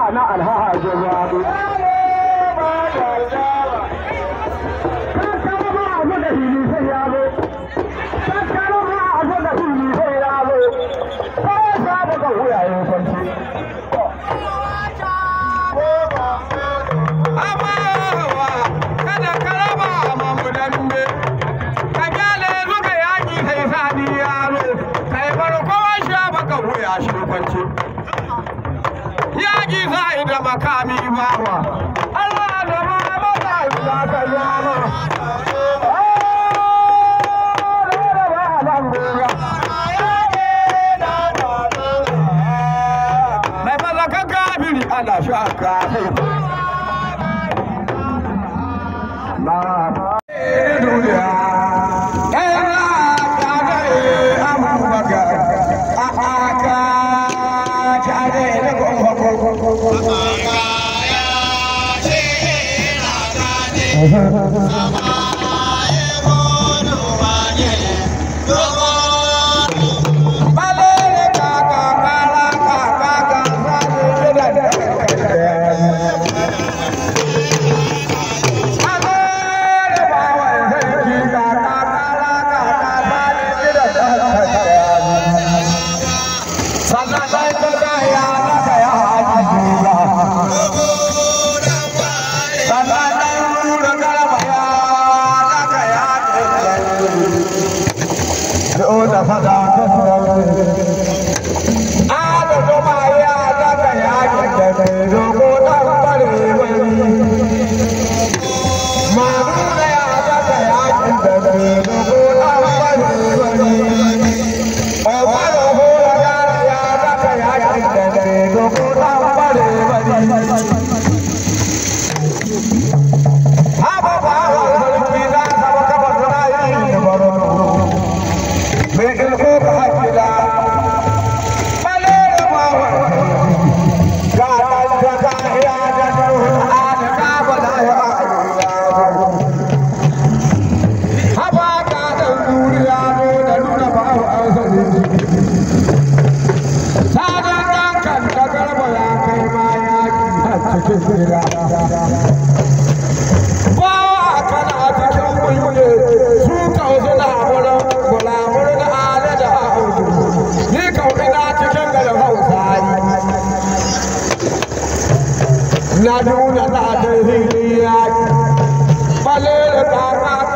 ana na alhaha jawabi da makami bawa Allah da ma maza da kalama Mai mazakan shaka. Oh, بأولى فدعك في न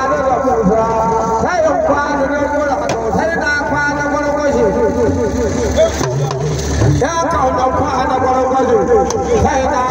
开打！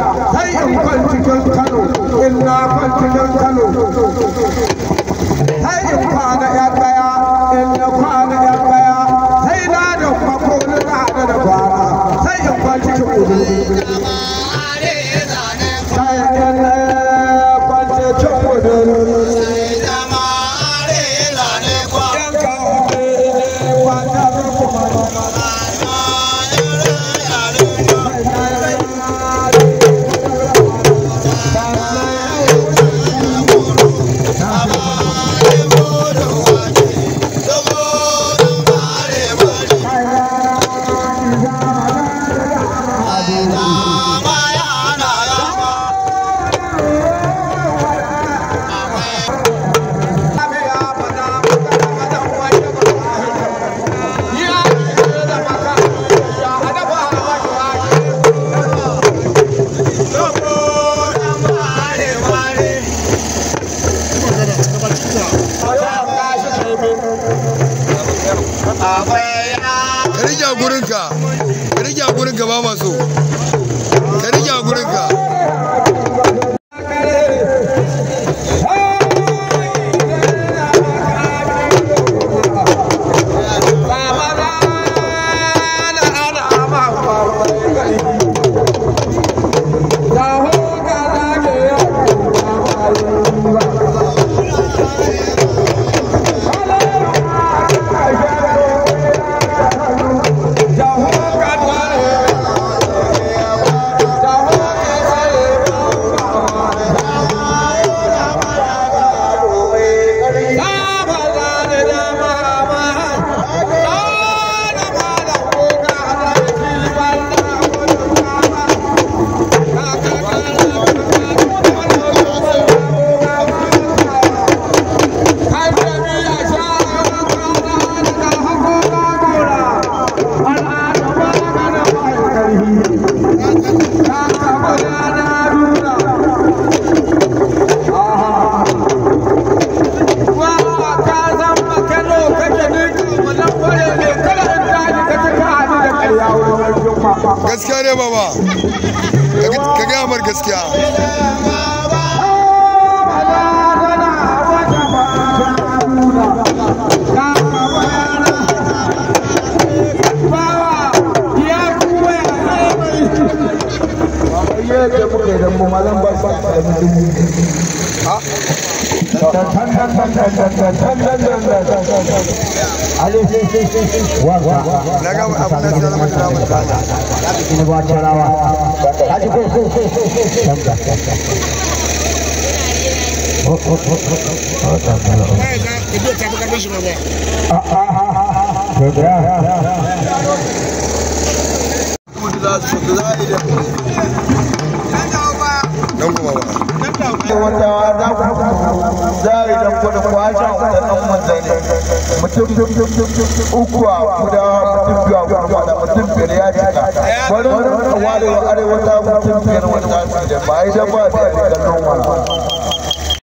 kai in kwancikin kano in na kwancikin kano sai in kwana ya daya in na kwana ya daya sai na da kwako na hada da kwana sai in kwancikin kudin sai in na kwancikin kudin ka rike gurinka ka rike gurinka ba maso ka rike gurinka ka gaya mar gaskiya yadda muka yi da kuma ba su sami dubu na dan kuma ba wata za ku za a idan ku da kwaja da dan manzani mutum uku a guda mutum biyu a guda da mutum biyar ya cika wani wani arewa ta mutum biyar wanda su da ba idan ba da ya ga noma